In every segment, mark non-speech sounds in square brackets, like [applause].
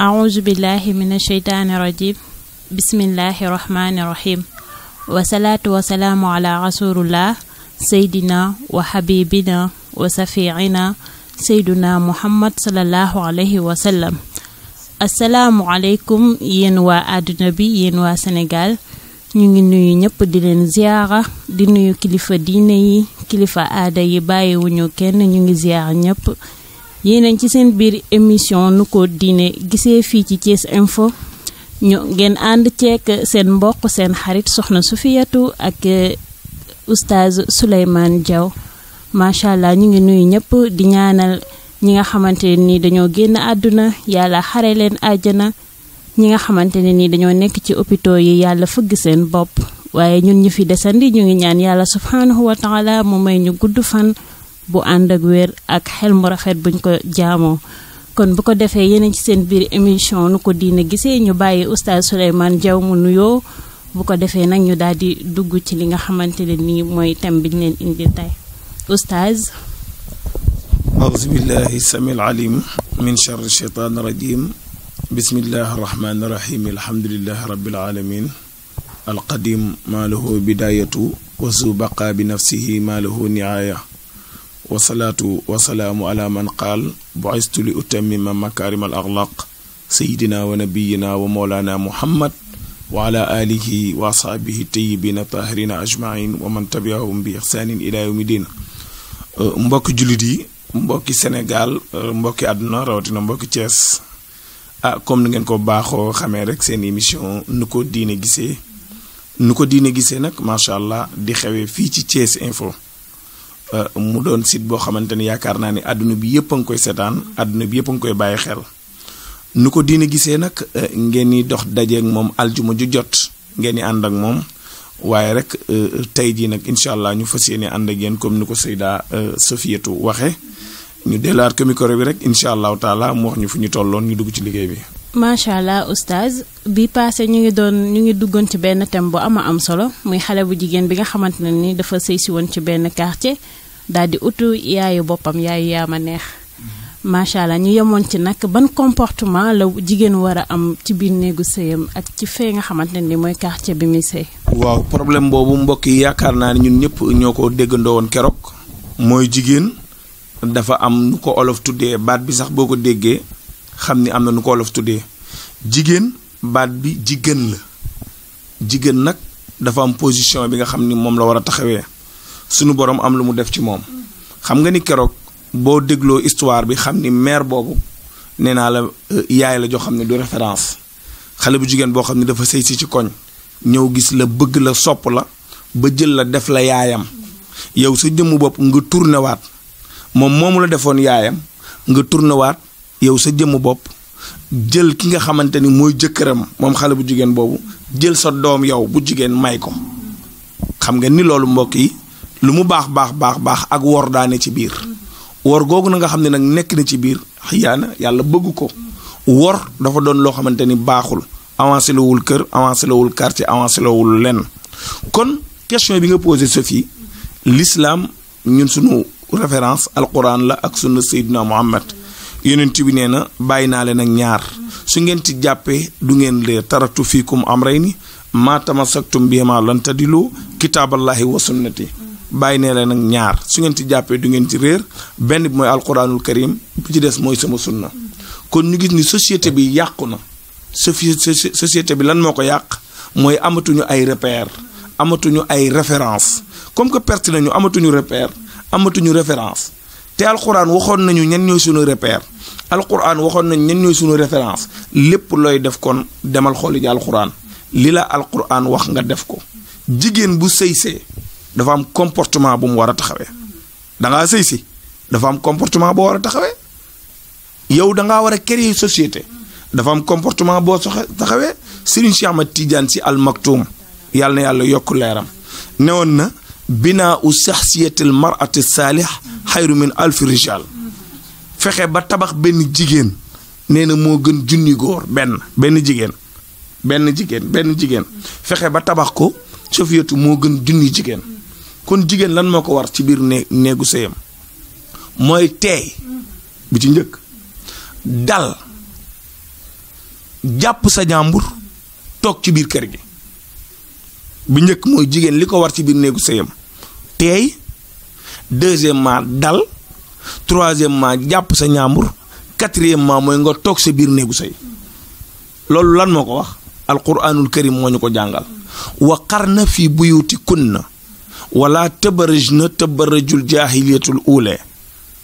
أعوذ بالله من الشيطان الرجيم بسم الله الرحمن الرحيم وصلاة وسلام على رسول الله سيدنا وحبيبنا وسفيعنا سيدنا محمد صلى الله عليه وسلم السلام عليكم yéen waa àdduna bi yéen waa Sénégal ñu ngi nuyu ñëpp di leen ziyaara di nuyu kilifa diine yi kilifa aada yi bàyyiwuñu kenn ñu ngi ziyaar ñëpp yéenañ ci seen biir émission nu ko diine gisee fii ci Thiès Info ñu ngeen ànd ceek seen mbokk seen xarit soxna su Sufiyatu ak eh, oustaz Souleymane jaw macha allah ñu ngi nuyu ñëpp di ñaanal ñi nga xamante ni dañoo génn àdduna yàlla xare leen àjjana ñi nga xamante ne ni dañoo nekk ci hôpitaux yi yàlla fëgg seen bopp waaye ñun ñu fi desandi ñu ngi ñaan yàlla subhaanahu wa mu may ñu gudd fan bu ànd ak wér ak xel mu rafet buñ ko jaamoo kon bu ko defee yeneen ci seen biir émission nu ko diine gisee ñu bàyyi oustaz Souleymane jaw mu nuyoo bu ko defee nag ñu daal di dugg ci li nga xamante ne nii mooy thème biñ leen indi tey oustaz أعوذ بالله السميع العليم من شر الشيطان الرجيم بسم الله الرحمن الرحيم الحمد لله رب العالمين القديم ما له بداية وذو بقى بنفسه ما له نهايه وصلاة وسلام على من قال بعثت لأتمم مكارم الأخلاق سيدنا ونبينا ومولانا محمد وعلى آله وأصحابه الطيبين الطاهرين أجمعين ومن تبعهم بإحسان إلى يوم الدين مبوك جلدي مبوك سنغال مبوك أدنى روتين مبوك تيس كم نغن كو باخو خميرك سين إميشيون نكو ديني جسي نكو ديني جسي نك ما شاء الله دي خوي فيتي تيس إنفو Euh, mu doon sit boo xamante ni yaakaar naa ni àdduna bi yëpp a ngi koy seetaan àdduna bi yëpp nga koy bàyyi xel nu ko diine gisee nag euh, ngeen di dox dajeeg moom aljuma ju jot ngeen di ànd ak moom waaye rek euh, tey jii nag incha allah ñu fas yéene ànd ak yéen comme ni ko Seyda Sofiatou waxe ñu dellaat ko bi rek incha allahu taala mu wax ñu fu ñu tolloon ñu dugg ci liggéey bi. macha allah oustaz bi paase ñu ngi doon ñu ngi duggoon ci benn thème bu ama am solo muy xale bu jigéen bi nga xamante ne ni dafa sëy si woon ci benn quartier daal di utu yaayu boppam yaayu ma neex mm-hmm. macha allah ñu yemoon ci nag ban comportement la jigéen war a am ci biir néegu sëyam ak ci fee nga xamante ne ni mooy quartier bi muy sëy. waaw problème boobu mbokk yi yaakaar naa ne ñun ñëpp ñoo ko déggandoo woon keroog. mooy jigéen dafa am nu ko olof tuddee baat bi sax boo ko déggee. xam ni am na nu ko wolof tuddee jigéen baat bi jigéen la jigéen nag dafa am position bi nga xam ni moom la war a taxawee sunu borom am lu mu def ci moom xam nga ni keroog boo dégloo histoire bi xam ni mère boobu nee naa la euh, yaay la joo xam ne du référence xale bu jigéen boo xam ne dafa sëy si ci koñ ñëw gis la bëgg la sopp la ba jël la def la yaayam yow sa jëmm bopp nga tourné waat moom moomu la defoon yaayam nga tourné yow sa jëm bopp jël ki nga xamanteni moy mooy mom xale bu jigen bobu jël sa doom yow bu jigen may ko xam nga ni loolu mbokk yi lu mu baax baax baax baax ak wor daane ci biir wor gogu nga xamni nak nek na ci biir xiyana yàlla bëgg ko wor dafa doon lo xamanteni ni baaxul avancé lawul kër avancé lawul quartier avancé lawul lenn kon question bi nga poser Sophie l'islam ñun sunu référence alcorane la ak sunna Seydina Muhammad yonent bi nee na bàyyi naa leen ak ñaar su ngeen ci jàppee du ngeen leer taratu fiikum am rey ni maa tamasaktum bihimaa lan tadilu kitaaballahi wa sunnati bàyyi nee leen ak ñaar su ngeen ci jàppee du ngeen ci réer benn bi mooy alquranul karim bi ci des mooy sama sunna kon ñu gis ni société bi yàqu na société bi lan moo ko yàq mooy amatuñu ay repère amatuñu ay référence comme que perte nañu amatuñu repère amatuñu référence te alxuraan waxoon nañu ñan ñooy suñu repère alquran waxoon nañu ñan ñooy suñu référence lépp looy def kon demal xooli ji alquran li la alquran wax nga def ko jigéen bu sëysee dafa am comportement bu mu war a taxawee dangaa sëy si dafa am comportement boo war a taxawee yow dangaa war a créer société dafa am comportement boo soxe taxawee Serigne Cheikh Ahmad si Al yàlla na yàlla yokk leeram newoon na binaa u saxsiyatil marati saalix xayru min alfi fexe ba tabax benn jigéen nee na moo gën junni góor benn benn jigéen benn jigéen benn jigéen fexe ba tabax ko sofiyatu moo gën junni jigéen kon jigéen lan moo ko war ci biir nee néegu sëyam mooy teey bu ci njëkk dal jàpp sa jàmbur toog ci biir kër gi bu njëkk mooy jigéen li ko war ci biir néegu sëyam teey deuxièmement dal troisièmement jàpp sa ñaambur quatrièmement mooy nga toog sa biir néegu sëy loolu lan moo ko wax alquranul karim moo ñu ko jàngal wa qarna fi buyutikunna wala tabarajna tabarajul jaahiliyatul uule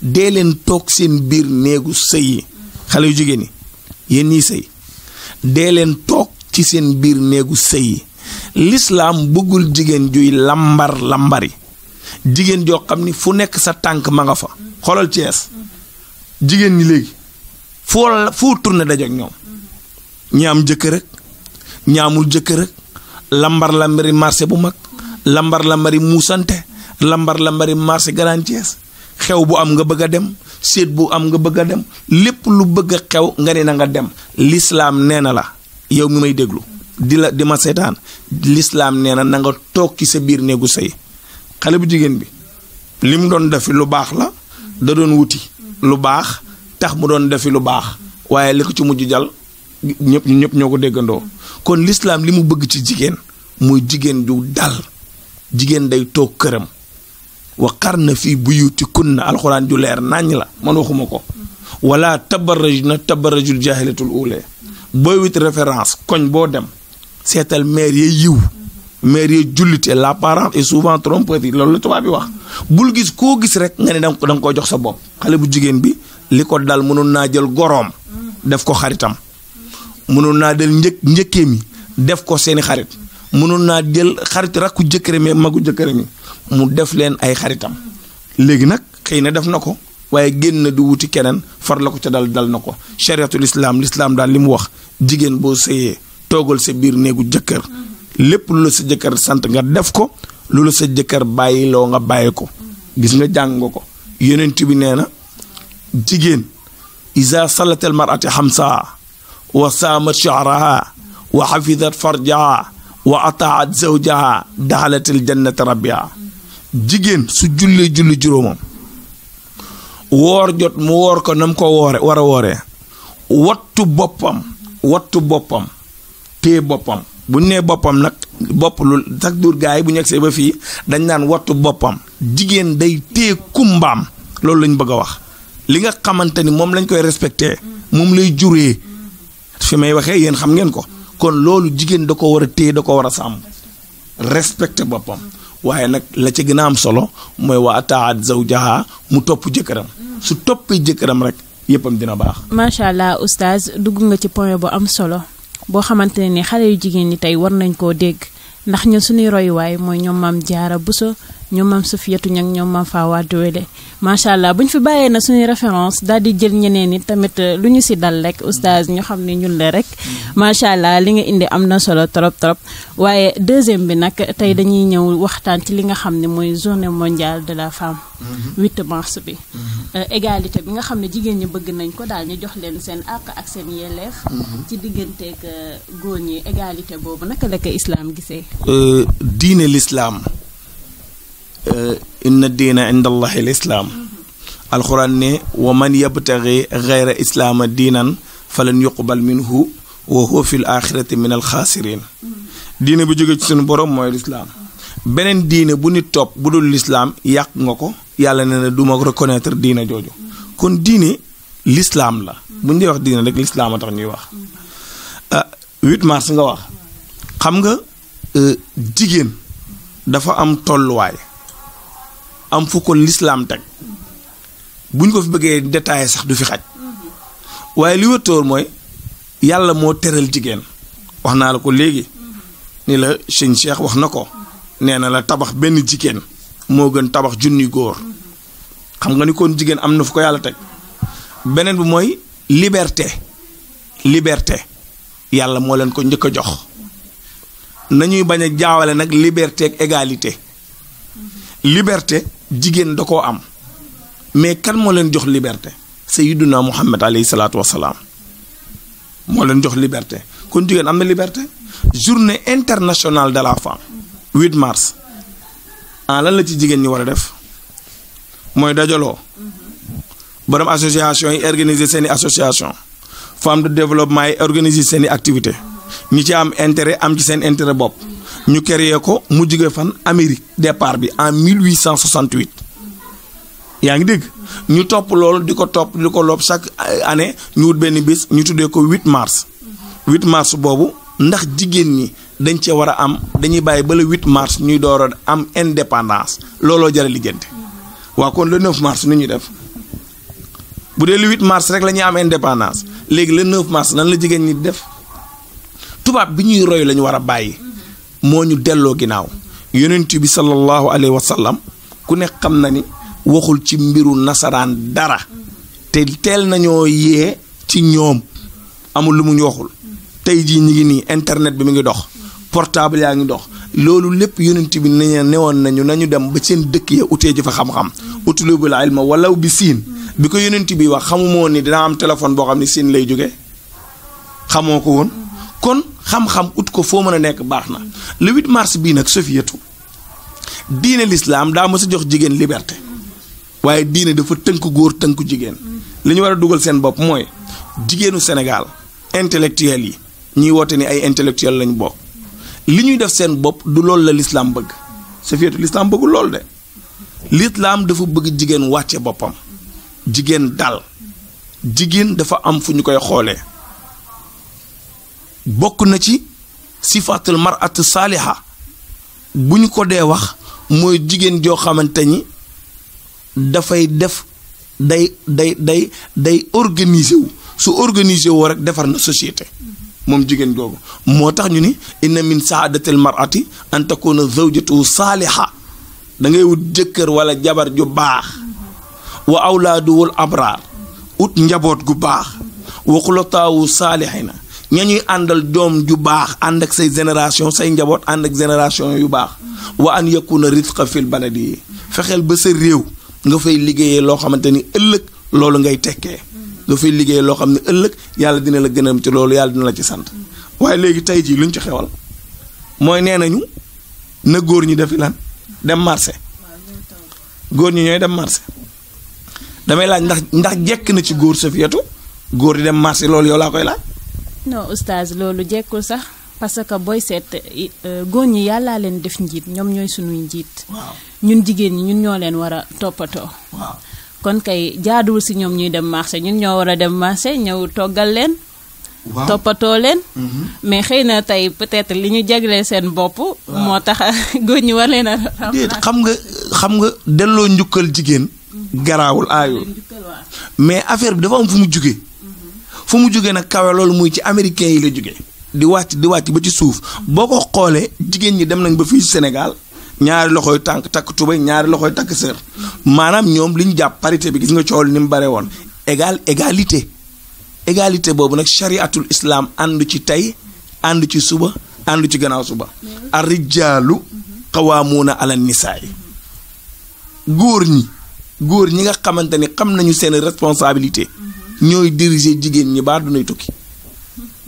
dee leen toog seen biir néegu sëy xale yu jigéen yi yéen ñii sëy dee leen toog ci seen biir néegu sëy lislaam bëggul jigéen juy lambar lambari jigéen joo xam ni fu nekk sa tànk ma nga fa xoolal Cees jigéen ñi léegi foo foo tourné dajeek ñoom ñi am jëkkër ak jëkkër ak lambar lambari marché bu mag lambar lambari muusante lambar lambari marché Grand Thiès xew bu am nga bëgg a dem séet bu am nga bëgg a dem lépp lu bëgg a xew nga ne na nga dem lislaam nee na la yow mi may déglu di la di ma seetaan lislaam nee na na nga toog ki sa biir néegu sëy xale bu jigéen bi li mu doon defi lu baax la da doon wuti lu baax tax mu doon defi lu baax waaye li ko ci mujj jal ñépp ñëpp ñoo ko déggandoo kon lislaam li mu bëgg ci jigéen muy jigéen ju dal jigéen day toog këram wax wa na fii bu buyutikunna alxuraan ju leer nàññ la man waxuma ko wala tabarrajna tabarrajul jaahilatul uule booy wit référence koñ boo dem seetal maire ya yiw maire ya jullite l'apparence est souvent trompeuse loolu la tubaab bi wax bul gis koo gis rek nga ne da nga ko jox sa bopp xale bu jigéen bi li ko dal mënoon naa jël goroom def ko xaritam mënoon naa del njëk njëkkee mi def ko seeni xarit mënoon naa jël xarit rakku jëkkër mi magu jëkkër mi mu def leen ay xaritam léegi nag xëy na def na ko waaye génn na di wuti keneen far la ko ca dal dal na ko chariatul islam lislaam daal li mu wax jigéen boo sëyee toogal sa biir néegu jëkkër lépp lu sa jëkkër sant nga def ko lu sa jëkkër bàyyiloo nga bàyyi ko gis nga jàng nga ko yonent bi nee na jigéen isa salatel marati xamsaha wa saamat shahraha wa xafidat farjaha wa ataat zawjaha daxalatil jannata rabbiha jigéen su jullee julli juróomam woor jot mu woor ko nam ko woore war a wooree wattu boppam wattu boppam téye boppam bu ñu nee boppam nag bopp lu sax dur bu ñu egsee ba fii dañ naan wattu boppam jigéen day téye kumbaam loolu lañ bëgg a wax li nga xamante ni moom lañ koy respecté moom lay juree fi may waxee yéen xam ngeen ko kon loolu jigéen da ko war a téye da ko war a sàmm respecté boppam waaye nag la ci gën a am solo mooy wa ataat zawjaha mu topp jëkkëram su toppee jëkkëram rek yëppam dina baax. macha allah oustaz dugg nga ci point bu am solo. boo xamante ne ni xale yu jigéen ñi tey war nañ koo dégg ndax ñu suñuy royuwaay mooy ñoom maam jaara buso ñoom maam Sufiyatu Ñang ñoom maam Fawa Diwele macha allah bu ñu fi bàyyee na suñu référence daal di jël ñeneen it tamit euh, lu ñu si dal rekk oustaz ñu xam ne ñun la rek macha allah li nga indi am na solo trop trop waaye deuxième bi nag tey dañuy ñëw waxtaan ci li nga xam ne mooy journée mondiale de la femme. 8 mm-hmm. mars bi. Mm-hmm. Euh, égalité bi nga xam ne jigéen ñi bëgg nañ ko daal ñu jox leen seen àq ak seen yelleef. Mm-hmm. ci digganteeg euh, góor ñi égalité boobu naka la ko islam gisee. diine l'islam. inna diina inda allahi lislaam alxuraan ne wa man yabtaxi xayra islaama diinan falan yuqbal minhu wa huwa fi l axirati min alxaasiriin diine bu jóge ci suñu borom mooy lislaam beneen diine bu nit topp bu dul lislaam yàq nga ko yàlla ne na du ma reconnaître diine jooju kon diine lislaam la bu ñu dee wax diine rek lislaam a tax ñuy wax 8 mars nga wax xam nga jigéen dafa am tolluwaay am fu ko lislaam teg buñ ko fi bëggee détaillé sax du fi xaj waaye li wëttoor mooy yàlla moo teral jigéen wax naa la ko léegi ni la sëñ Cheikh wax na ko nee na la tabax benn jigéen moo gën tabax junni góor xam nga ni kon jigéen am na fu ko yàlla teg beneen bi mooy liberté liberté yàlla moo leen ko njëkk a jox nañuy bañ a jaawale nag liberté ak égalité liberté jigen dako am mais kan mo len jox liberté sayyiduna mohammed alayhi Salatu wasalaam mo len jox liberté kon jigen am na liberté journée internationale de la femme 8 mars en ah, lan la ci jigen ñi war def moy dajalo borom association yi organiser seen association femme de développement yi organiser seen activité ñi ci am intérêt am ci sen intérêt bob ñu créé ko mu jóge fan Amérique départ bi en 1868 yaa ngi dégg ñu topp loolu di ko topp di ko loob chaque année ñu wut benn bis ñu tuddee ko 8 mars 8 mars boobu ndax jigéen ñi dañ cee war a am dañuy bàyyi ba le 8 ñuy door a am indépendance looloo jar a waa kon le 9 mars ni ñuy def bu dee le 8 mars rek la ñuy am indépendance léegi le 9 mars nan la jigéen ñi def tubaab bi ñuy roy la ñu war a bàyyi. moo ñu delloo ginnaaw yonent bi sallallahu alayhi wa sallam ku nekk xam na ni waxul ci mbiru nasaraan dara te teel nañoo yee ci ñoom amul lu mu ñu waxul tey jii ñu ngi nii internet bi mu ngi dox portable yaa ngi dox loolu lépp yonent bi nañu newoon nañu nañu dem ba seen dëkk ya utee ji fa xam-xam utlubul ilma walaw bi siin bi ko yonent bi wax xamumoo ni dina am téléphone boo xam ne siin lay jóge xamoo ko woon xam-xam ut ko foo mën a nekk baax na le 8 bii nag sofiyatu diine lislaam daa ma a jox jigéen liberté waaye diine dafa tënk góor tënku jigéen li ñu war a dugal seen bopp mooy jigéenu Sénégal intellectuel yi ñuy woote ni ay intellectuel lañ bokk li ñuy def seen bopp du loolu la lislaam bëgg sofiyatu lislaam bëggul loolu de lislaam dafa bëgg jigéen wàcce boppam jigéen dal jigéen dafa am fu ñu koy xoolee bokk na ci sifaatul marat saaliha bu ñu ko dee wax mooy jigéen joo xamante ni dafay def day day day day organiser wu su organiser woo rek defar na société moom jigéen googu moo tax ñu ni inna min saadatil marati an takuna zawjatu saaliha da ngay wut jëkkër wala jabar ju baax wa awlaaduwul abraar ut njaboot gu baax wa xulataawu na ña ñuy àndal doom ju baax ànd ak say génération say njaboot ànd ak génération yu baax wa an yakuna rizqa fil baladi yi fexeel ba sa réew nga fay liggéeyee loo xamante ni ëllëg loolu ngay tekkee nga fay liggéeyee loo xam ne ëllëg yàlla dina la gënam ci loolu yàlla dina la ci sant waaye léegi tey jii luñ ci xewal mooy nee nañu na góor ñi defi lan dem marché góor ñi ñooy dem marché damay laaj ndax ndax jekk na ci góor Safiyatu góor di dem marché loolu yow laa koy non oustaz loolu jekkul sax parce que booy seet euh, góor ñi yàlla leen def njiit ñoom ñooy sunuy njiit. ñun jigéen ñi ñun ñoo leen war a toppatoo. kon kay jaaduwul si ñoom ñuy dem marché ñun ñoo war a dem marché ñëw toggal leen. toppatoo leen. Mm-hmm. mais xëy na tey peut-être li ñu jagleel seen bopp. moo tax [laughs] góor ñi war leen a. xam nga xam nga delloo njukkal jigéen. garaawul aayul mais affaire bi dafa am fu mu juge fu mu jógee nag kawe loolu muy ci américains yi la jógee di wàcc di wàcc ba ci suuf boo ko xoolee jigéen ñi dem nañ ba fii Sénégal ñaari loxo yi tànk takk tubay ñaari loxoy takk sër maanaam ñoom li ñu jàpp parité bi gis nga coow ni mu bare woon égal égalité égalité boobu nag chariatul islaam ànd ci tey ànd ci suba ànd ci gannaaw suba arrijaalu xawaamuuna ala nisaay góor ñi góor ñi nga xamante ni xam nañu seen responsabilité ñooy diriger jigéen ñi ba àddunay tukki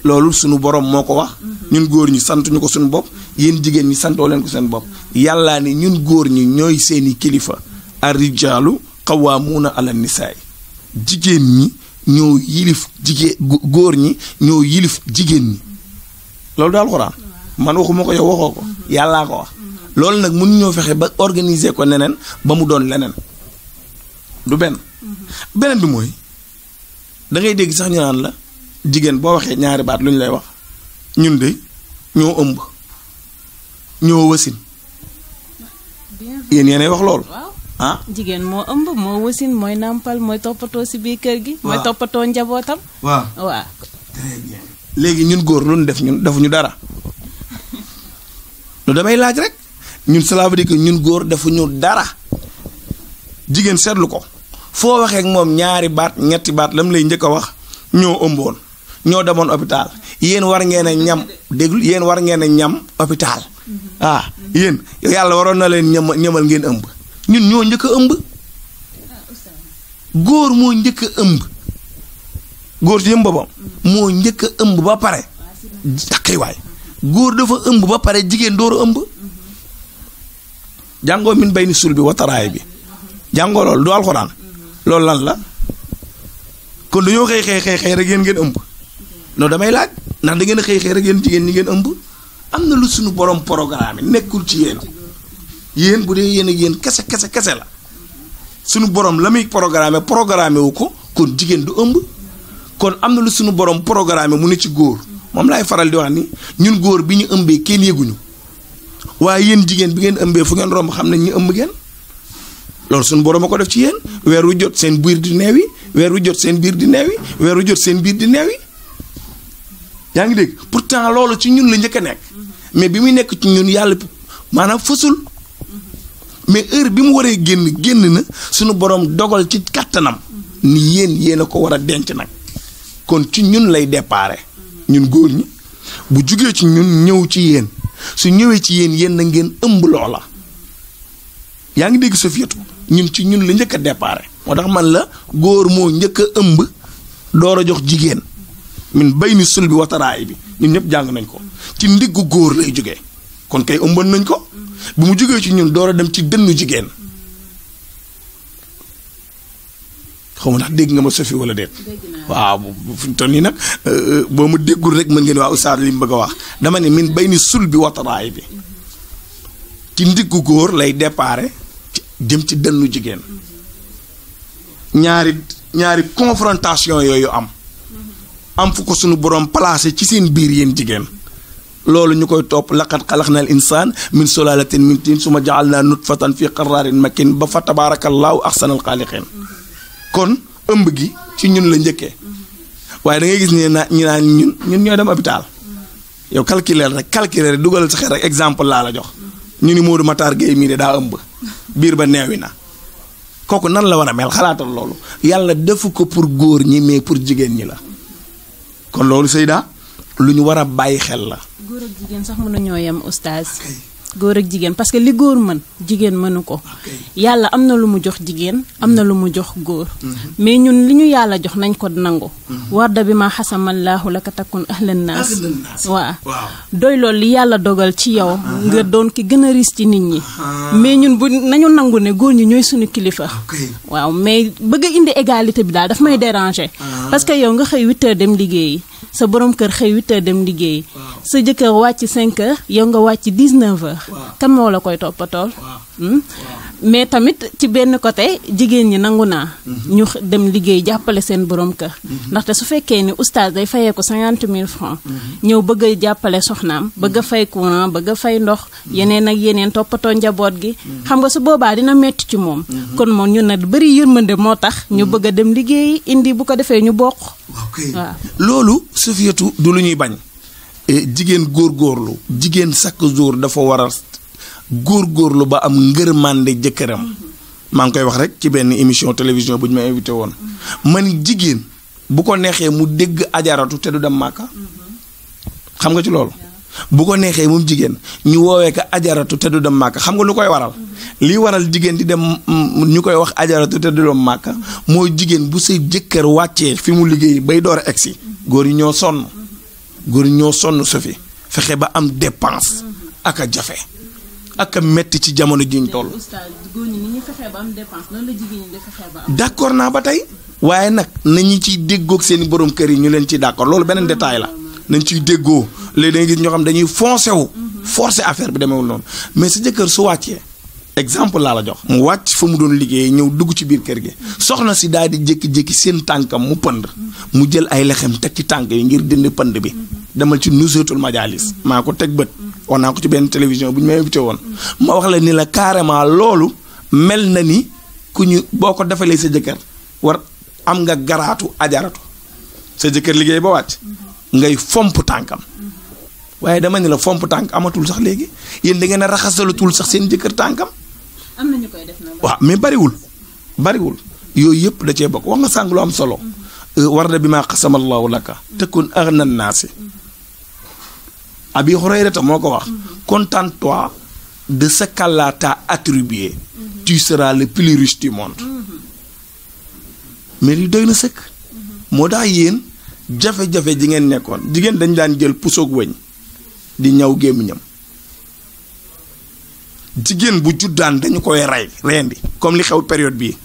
loolu sunu borom moo ko wax ñun góor ñi santuñu ko suñu bopp yéen jigéen ñi santoo leen ko seen bopp yàllaa ni ñun góor ñi ñooy seeni kilifa arrijaalu qawwaamuuna ala nisaay jigéen ñi ñoo yilif jigéen góor ñi ñoo yilif jigéen ñi loolu daal xuraan man waxuma ko yow waxoo ko yàllaa ko wax loolu nag mun ñoo fexe ba organiser ko neneen ba mu doon leneen du benn beneen bi mooy da ngay dégg sax ñu naan la jigéen boo waxee ñaari baat luñ lay wax ñun de ñoo ëmb ñoo wasin yéen yéenay wax loolu ah jigéen moo ëmb moo wasin mooy nàmpal mooy toppatoo si biir kër gi mooy toppatoo njabootam waaw waaw léegi ñun góor luñ def ñun defuñu dara lu damay laaj rek ñun cela veut dire que ñun góor defuñu dara jigéen seetlu ko foo waxee moom ñaari baat ñetti baat lam lay njëkk a wax ñoo ëmboon ñoo demoon hôpital yéen war ngeen a ñam déglu yéen war ngeen a ñam hôpital mm-hmm. ah yéen yàlla waroon na leen ñam ñamal ngeen ëmb ñun ñoo njëkk ëmb góor moo njëkk ëmb góor ci yëm boppam moo njëkk a ëmb ba pare xiwaay góor dafa ëmb ba pare jigéen dooru ëmb mm-hmm. jàngoo min bay ni sul bi wataraay bi jàngoo loolu du alxuraan loolu lan la kon dañoo xëy xëy xëy xëy rek yéen ngeen ëmb non damay laaj ndax da ngeen xëy xëy rek yéen jigéen ñi ngeen ëmb am na lu suñu borom programme nekkul ci yéen yéen bu dee yéen ak kese kese kese la suñu borom la muy programme programme wu ko kon jigéen du ëmb kon am na lu suñu borom programme mu ni ci góor moom laay faral di wax ni ñun góor bi ñu ëmbee kenn yëguñu waaye yéen jigéen bi ngeen ëmbee fu ngeen romb xam nañ ñu ëmb ngeen loolu suñu borom a ko def ci yéen weeru jot seen biir di neewi weer wu jot seen biir di neewi weer wu jot seen biir di neewi yaa ngi dégg pour pourtant loolu ci ñun la njëkk a nekk mais bi muy nekk ci ñun yàlla maanaam fësul mais heure bi mu waree génn génn na suñu borom dogal ci kàttanam ni yéen yéen a ko war a denc nag kon ci ñun lay déparé ñun góor ñi bu jugee ci ñun ñëw ci yéen su ñëwee ci yéen yéen na ngeen ëmb loola yaa ngi dégg Sofiatou ñun ci ñun la njëkk a déparé moo tax man la góor moo njëkk a ëmb door a jox jigéen mun bay ni sul bi wataraay bi ñun ñëpp jàng nañ ko ci ndiggu góor lay jóge kon kay ëmban nañ ko bi mu jógee ci ñun door a dem ci dënnu jigéen xaw ma ndax dégg nga ma sofi wala déet waaw fu ñu toll nii nag euh, euh, boo ma déggul rek mën ngeen waa oustaz li mu bëgg a wax dama ne min bay ni sul bi wataraay bi ci ndiggu góor lay déparé jëm ci dënnu jigéen ñaari ñaari confrontation yooyu am am fu ko sunu borom placé ci seen biir yéen jigéen loolu ñu koy topp laqad xalaqna al insaan min sulaalatin min tiin suma jaal naa nut nutfatan fi qaraarin makin ba fa tabaarakallaahu axsanal xaaliqin kon ëmb gi ci ñun la njëkke waaye da gis ne ñi ñu naan ñun ñun ñooy dem hôpital yow calculer rek calculer rek sa xel rek exemple laa la jox ñu ni Modou Matar Gueye mii de daa ëmb biir ba neewi na kooku nan la war a mel xalaatal loolu yàlla defu ko pour góor ñi mais pour jigéen ñi la kon loolu Seyda lu ñu war a bàyyi xel la. góor ak jigéen sax mën góor ak jigéen parce que li góor mën jigéen mënu ko yàlla am na lu mu jox jigéen am na lu mu jox góor mm-hmm. mais ñun li ñu yàlla jox nañ ko nangu mm-hmm. warda bi ma xasamallaahu laka takun ahlan naas waaw doy loolu li yàlla dogal ci yow nga doon ki gën a riis ci nit ñi mais ñun bu nañu nangu ne góor ñi ñooy suñu kilifa waaw mais bëgg a indi égalité bi daal daf may déranger parce que yow nga xëy huit dem liggéey sa borom kër xëy 8 dem liggéey. sa jëkkër wàcc 5 heures yow nga wàcc 19 heures. kan moo la koy toppatool. Hmm? mais tamit ci benn côté jigéen ñi nangu naa. Mhm. ñu dem liggéey jàppale seen borom ka mhm. ndaxte su fekkee ni oustaz day fayee ko cinquante mille francs mhm. ñëw bëgg a jàppale soxnaam. bëgg a fay courant bëgg a fay ndox. yeneen ak yeneen toppatoo njaboot gi. xam nga su boobaa dina metti ci moom. kon moom ñu ne bëri yërmande moo tax. ñu bëgg a dem liggéey indi bu ko defee ñu bokk. waaw loolu Safiyatu du lu ñuy bañ. Eh, jigéen góor góorlu jigéen chaque jour dafa war a góor góorgóorlu ba am ngërmande jëkkëram maa ngi koy wax rek ci benn émission télévision bu ñu ma invité woon man jigéen bu ko neexee mu dégg ajaratu te du dem màkka xam nga ci loolu bu ko neexee moom jigéen ñu woowee ko ajaratu te du xam nga lu koy waral lii waral jigéen di dem ñu koy wax ajaratu te du dem màkka mooy jigéen bu sa jëkkër wàccee fi mu liggéey bay door a egsi góor yi ñoo sonn góor yi ñoo sonn sofi fexe ba am dépense ak jafe ak a metti ci jamono ji ñu toll. d'accord naa ba tey. waaye nag nañu ciy déggoog seen i borom kër yi ñu leen ciy d'accord loolu beneen détail la nañ ciy déggoo léegi dañuy gis ñoo xam dañuy foncé wu. forcé affaire bi demeewul noonu mais sa jëkkër su wàccee. exemple laa la jox mu wàcc fa mu doon liggéeyee ñëw dugg ci biir kër gi soxna si daal di jékki-jékki seen tànkam mu pënd mu jël ay lexem teg ci tànk yi ngir dindi pënd bi demal ci nuseetul majaalis maa ko teg bët. on a ko ci benn télévision bu ñu ma invité woon ma wax la ni la carrément loolu mel na ni ku ñu boo ko defalee sa jëkkër war am nga garaatu ajaratu sa jëkkër liggéey ba wàcc ngay fomp tànkam waaye dama ne la fomp tànk amatul sax léegi yéen da ngeen a raxasalatul sax seen jëkkër tànkam. am na ñu koy def nag. waaw mais bariwul bariwul yooyu yëpp da cee bokk wax nga sàng lu am solo. war na bi maa xasama laka. te kun agna naasi. Abi Hurayrata moo ko wax contente-toi de ce qu'Allah t'a attribué mm-hmm. tu le plus riche du monde mm-hmm. mais li doy na sëkk mm-hmm. moo tax yéen jafe-jafe ji ngeen nekkoon jigéen dañ daan jël pusoog weñ di ñaw gémmiñam jigéen bu juddaan dañu koy rey reendi comme li xew période bii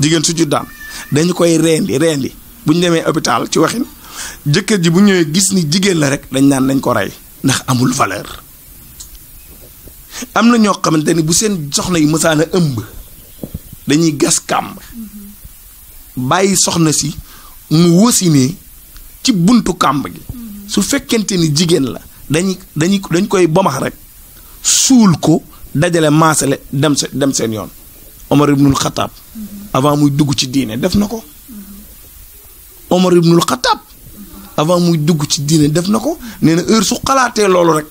jigéen su juddaan dañu koy reendi reendi bu ñu demee hôpital ci waxin jëkkër ji bu ñëwee gis ni jigéen la rek dañ naan dañ ko rey ndax amul valeur am na ñoo xamante ni bu seen soxna yi mësaan ëmb dañuy gas kàmb bàyyi soxna si mu wasinee ci buntu kàmb gi su fekkente ni jigéen la dañuy dañuy dañ koy bomax rek suul ko dajale maasale dem se dem seen yoon Omar ibnul Xataab avant muy dugg ci diine def na ko Omar ibnul Xataab avant muy dugg ci diine def na ko nee na heure su xalaatee loolu rek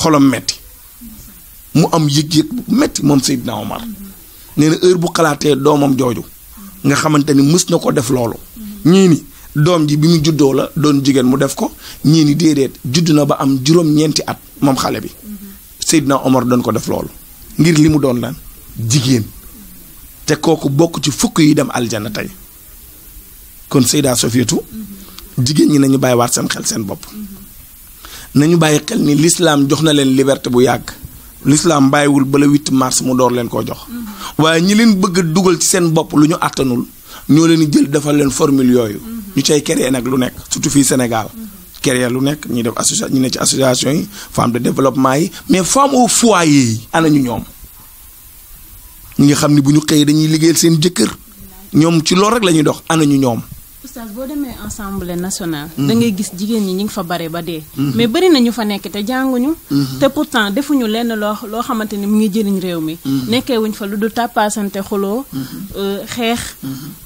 xolom metti mu am yëg-yëg bu metti moom Seydina Omar nee na heure bu xalaatee doomam jooju nga xamante ni mës na ko def loolu ñii ni doom ji bi mu juddoo la doon jigéen mu def ko ñii ni déedéet judd na ba am juróom-ñeenti at moom xale bi na Omar doon ko def loolu ngir li mu doon lan jigéen te kooku bokk ci fukk yi dem aljana tey kon Seyda Sofiyatu jigéen ñi nañu bàyyi waat seen xel seen bopp nañu bàyyi xel ni lislaam jox na leen liberté bu yàgg lislaam bàyyiwul ba le 8 mars mu door leen koo jox waaye ñi leen bëgg dugal ci seen bopp lu ñu àttanul ñoo leen jël defal leen formule yooyu ñu cay créer nag lu nekk surtout fii Sénégal créer lu nekk ñuy def associa ñu ne ci association yi femme de développement yi mais femme au foyer yi ana ñu ñoom ñi nga xam ni bu ñu xëyee dañuy liggéeyal seen jëkkër ñoom ci loolu rek la dox ana ñu ñoom oustaz boo demee assemblée nationale. Mhm. da ngay gis jigéen ñi ñu ngi fa bare ba dee. Mhm. mais bari na ñu fa nekk te jànguñu. Mhm. te pourtant defuñu lenn loo loo xamante ni mu ngi jëriñ réew mi. nekkee wuñ fa lu du tàppaasante xuloo. Euh, xeex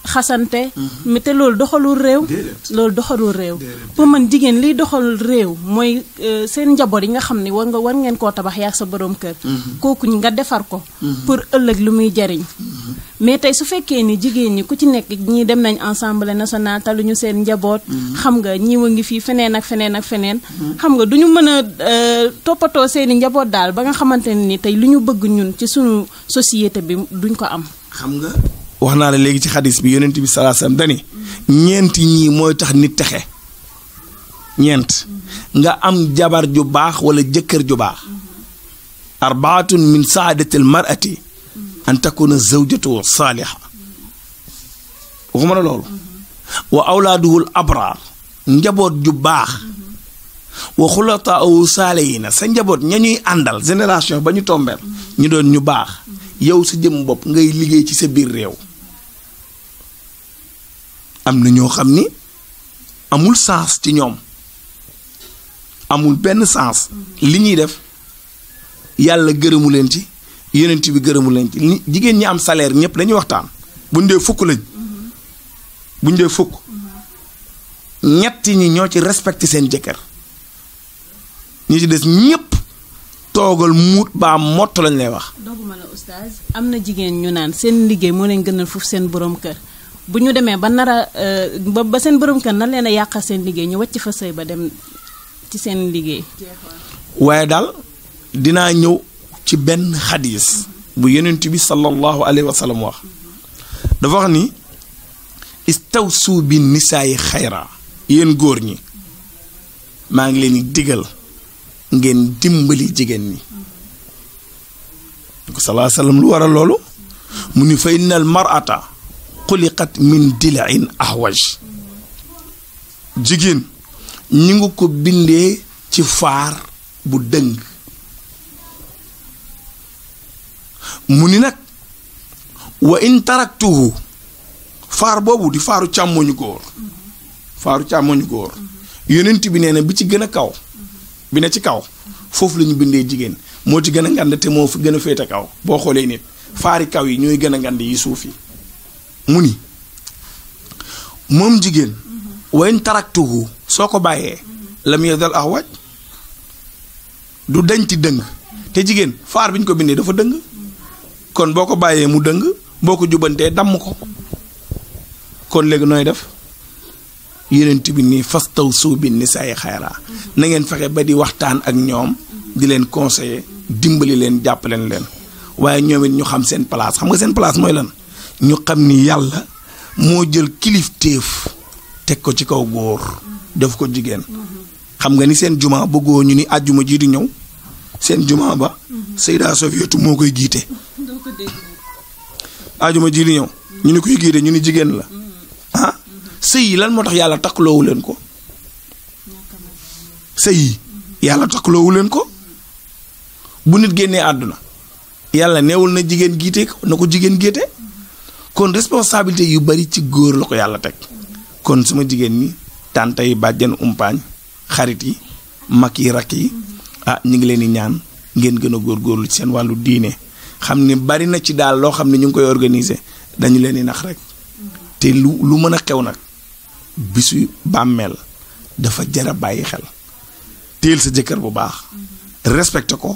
xasante. mais te loolu doxalul réew. loolu doxalul réew. pour man jigéen liy doxalul réew mooy euh, seen njaboot yi nga xam ne war nga war ngeen koo tabax yaag sa boroom kër. kooku nga defar ko. pour ëllëg lu muy jariñ mais tey su fekkee ni jigéen ñi ku ci naa taluñu seen njaboot. xam nga ñii wa ngi fii feneen ak feneen ak feneen. xam nga du ñu mën a toppatoo seen i njaboot daal ba nga xamante ne ni tey lu ñu bëgg ñun ci suñu société bi duñ ko am. xam nga wax naa la léegi ci xadis bi yonent bi salaa salaam dani ñeent ñii mooy tax nit texe ñeent nga am jabar ju baax wala jëkkër ju baax arbaatun min saadatil mar'ati an takuna zawjatu saaliha waxuma la loolu wa awlaaduhul abraar njaboot ju baax wa yi na sa njaboot ña ñuy àndal génération ba ñu tombeel ñu doon ñu baax yow sa jëm bopp ngay liggéey ci sa biir réew am na ñoo xam ni amul sens ci ñoom amul benn sens li ñuy def yàlla gërëmu leen ci yonent bi gërëmu leen ci jigéen ñi am saleer ñëpp dañuy waxtaan bu ñu fukk lañ bu ñu dee fukk ñett ñi ñoo ci respecté seen jëkkër ñi ci des ñëpp toogal muut baa mott lañ lay wax. doguma la oustaz am na jigéen ñu naan seen liggéey moo leen gënal foofu seen boroom kër bu ñu demee ba nar a euh, ba seen boroom kër na leen a yàqal seen liggéey ñu wàcc fa sëy ba dem ci seen liggéey. waaye daal dinaa ñëw ci benn xadis. bu yonent bi sallallahu alayhi wa sallam wax dafa wax ni. istawsu bi nisaayi xayra yéen góor ñi maa ngi leen di digal ngeen dimbali jigéen ñi ko salaa sallam lu waral loolu mu ni fa innal mar'ata xuliqat min dilain ahwaj jigéen ñi ngi ko bindee ci faar bu dëng mu ni nag wa in faar boobu di faaru càmmoñu góor faaru càmmoñu góor yonent bi nee na bi ci gën a kaw bi ne ci kaw foofu lañu ñu bindee jigéen moo ci gën a ngand te moo fi gën a féete kaw boo xoolee nit faari kaw yi ñooy gën a ngand yi suuf yi mu ni moom jigéen wayn taraktuhu soo ko bàyyee lam yadal ahwaj du dañ ci dëng te jigéen faar bi ñu ko bindee dafa dëng kon boo ko bàyyee mu dëng boo ko jubbantee damm ko kon léegi nooy def yonent bi nii fas taw suu bi ni say xayra mhm. nangeen ngeen fexe ba di waxtaan ak ñoom di leen conseiller dimbali leen jàppaleen leen waaye ñoom ñu xam seen place xam nga seen place mooy lan ñu xam ni yàlla moo jël kilifteef teg ko ci kaw góor def ko jigéen mhm. xam nga ni seen juma bëggoo ñu ni àjjuma jii di ñëw seen juma ba mhm. Seyda Sofiyatu moo koy giite àjjuma jii di ñëw ñu ni kuy giite ñu ni jigéen la ah sëy yi lan moo tax yàlla takkloowu leen ko sëy yi yàlla takkloowu leen ko bu nit génnee àdduna yàlla neewul na jigéen giite na ko jigéen géete kon responsabilité yu bari ci góor la ko yàlla teg kon suma jigéen ñi tànta yi bàjjan umpaañ xarit yi mag yi rakk yi ah ñu ngi leen di ñaan ngeen gën a góorgóorlu ci seen wàllu diine xam ne bari na ci daal loo xam ne ñu ngi koy organiser dañu leen di nax rekk te lu lu mën a xew nag bisu bàmmeel dafa jara bàyyi xel téel sa jëkkër bu baax respecté ko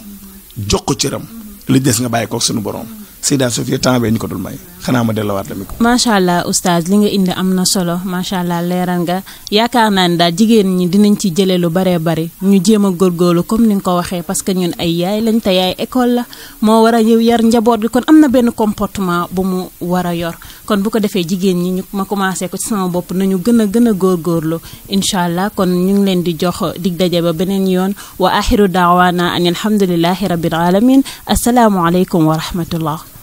jox ko cëram li des nga bàyyi ko ak sunu borom Seyda Sofia temps bee ñu ko dul may xanaa ma delluwaat la micro. macha allah oustaz li nga indi am na solo macha allah leeral nga yaakaar naa ne daal jigéen ñi dinañ ci jëlee lu baree bari ñu jéem a góorgóorlu comme ni nga ko waxee parce que ñun ay yaay lañ tey ay école la moo war a yor njaboot bi kon am na benn comportement bu mu war a yor kon bu ko defee jigéen ñi ñu ma commencé ko ci sama bopp nañu gën a gën a góorgóorlu incha allah kon ñu ngi leen di jox dig daje ba beneen yoon wa axiru daawaana an alhamdulilahi rabbil alamin asalaamualeykum wa rahmatullah